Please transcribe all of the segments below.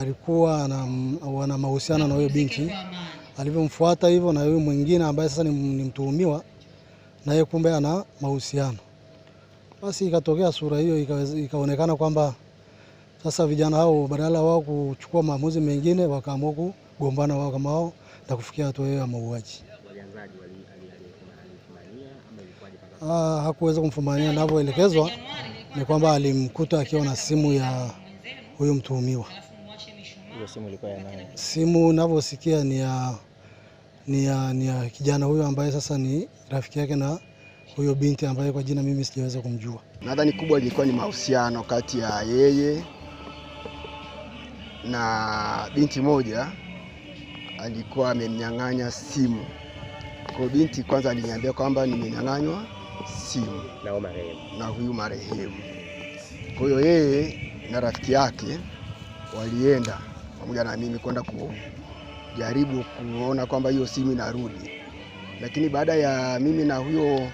alikuwa wana mahusiano na huyo binti, alivyomfuata hivyo na huyo mwingine ambaye sasa ni mtuhumiwa, na yeye kumbe ana mahusiano. Basi ikatokea sura hiyo, ikaonekana kwamba sasa vijana hao badala wao kuchukua maamuzi mengine, wakaamua kugombana wao kama wao na kufikia hatua hiyo ya mauaji. Ah, hakuweza kumfumania, navyoelekezwa ni kwamba alimkuta akiwa na simu ya huyo mtuhumiwa hiyo simu ilikuwa ya nani? Simu unavyosikia ni ya ni ya, ni ya kijana huyo ambaye sasa ni rafiki yake na huyo binti ambaye kwa jina mimi sijaweza kumjua. Nadhani kubwa ilikuwa ni mahusiano kati ya yeye na binti moja, alikuwa amemnyang'anya simu. Kwa binti kwanza aliniambia kwamba nimenyang'anywa simu na, na huyu marehemu. Kwa hiyo yeye na rafiki yake walienda pamoja na mimi kwenda kujaribu kuona kwamba hiyo simu inarudi, lakini baada ya mimi na huyo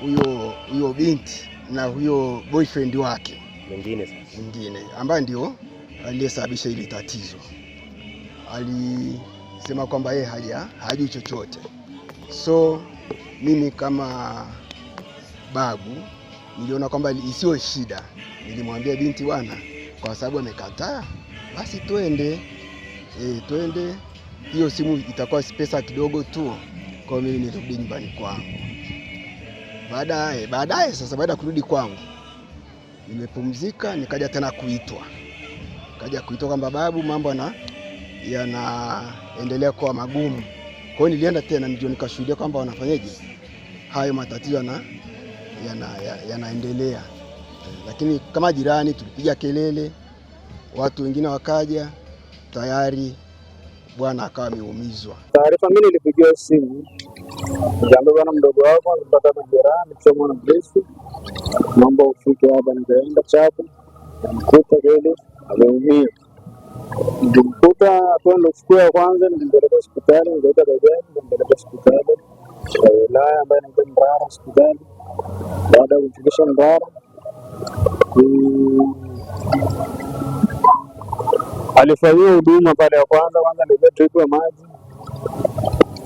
huyo huyo binti na huyo boyfriend wake mwingine sasa, mwingine ambaye ndio aliyesababisha hili tatizo, alisema kwamba yeye haja hajui chochote. So mimi kama babu niliona kwamba isiyo shida, nilimwambia binti bwana, kwa sababu amekataa basi twende e, twende. Hiyo simu itakuwa pesa kidogo tu, kwa mimi nirudi nyumbani kwangu baadaye. Baadaye sasa, baada ya kurudi kwangu nimepumzika, nikaja tena kuitwa, kaja kuitwa kwamba babu, mambo na yanaendelea kuwa magumu. Kwa hiyo nilienda tena, ndio nikashuhudia kwamba wanafanyaje hayo matatizo yana, yanaendelea ya lakini kama jirani tulipiga kelele watu wengine wakaja tayari, bwana akawa ameumizwa. Taarifa mimi nilipigiwa simu jambo, bwana mdogo wako alipata majeraha, alichomwa na polisi, naomba ufike hapa. Nikaenda Chapo, namkuta kweli ameumia. Nilimkuta ndo siku ya kwanza, nilimpeleka hospitali, nikaita bajaji, nikampeleka hospitali ya wilaya ambayo inaitwa Mbarara hospitali. Baada ya kumfikisha Mbarara alifanyia huduma pale ya kwanza kwanza, nilipewa maji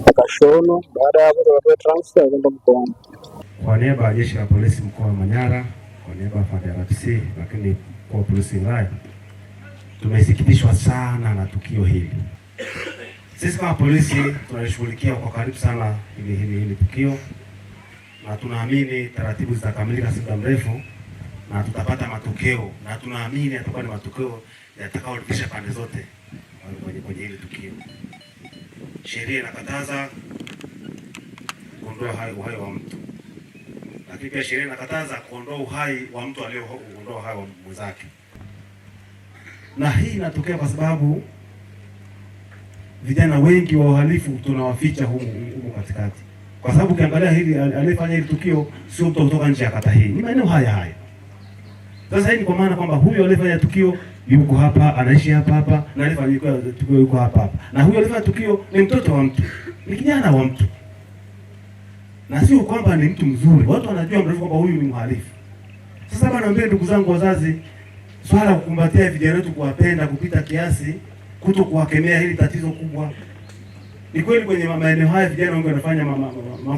akashono Baada ya hapo tukapewa transfer kwenda mkoani. Kwa niaba ya jeshi la polisi mkoa wa Manyara, kwa niaba ya FARDC, lakini kwa polisi wilaya, tumesikitishwa sana na tukio hili. Sisi kama polisi tunalishughulikia kwa karibu sana hili hili hili tukio, na tunaamini taratibu zitakamilika si muda mrefu na tutapata matokeo na tunaamini yatakuwa ni matokeo yatakaoridhisha pande zote kwenye kwenye hili tukio. Sheria inakataza kuondoa hai uhai wa mtu, lakini pia sheria inakataza kuondoa uhai wa mtu aliyeondoa uhai wa mwenzake, na hii inatokea kwa sababu vijana wengi wa uhalifu tunawaficha humu, humu katikati, kwa sababu ukiangalia hili aliyefanya hili tukio sio mtu kutoka nje ya kata hii, ni maeneo haya haya sasa hii ni kwa maana kwamba huyo aliyefanya tukio yuko hapa, anaishi hapa hapa, na aliyefanya tukio yuko hapa hapa, na huyo aliyefanya tukio ni mtoto wa mtu, ni kijana wa mtu, na sio kwamba ni mtu mzuri. Watu wanajua mrefu kwamba huyu ni mhalifu. Sasa bwana, niambie ndugu zangu wazazi, swala kukumbatia vijana wetu, kuwapenda kupita kiasi, kuto kuwakemea, hili tatizo kubwa. Ni kweli kwenye maeneo haya vijana wengi wanafanya mambo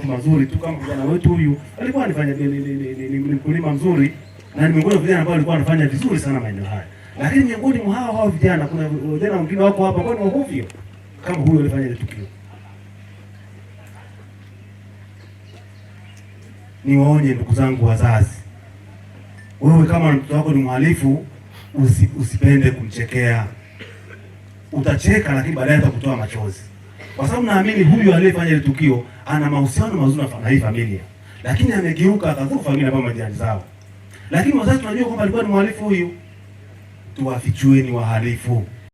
mazuri tu, kama vijana wetu huyu alikuwa anifanya ni mkulima mzuri na ni miongoni vijana ambao walikuwa wanafanya vizuri sana maeneo haya. Lakini miongoni mwa hao hao vijana kuna vijana wengine wako hapa kwa ni wahuvio kama huyo alifanya ile tukio. Niwaonye ndugu zangu wazazi, wewe kama mtoto wako ni mhalifu usi, usipende kumchekea. Utacheka lakini baadaye atakutoa machozi, kwa sababu naamini huyu aliyefanya ile tukio ana mahusiano mazuri na hii familia, lakini amegeuka akadhuru familia ambayo majirani zao lakini wazazi tunajua kwamba alikuwa ni mhalifu huyu, tuwafichueni wahalifu.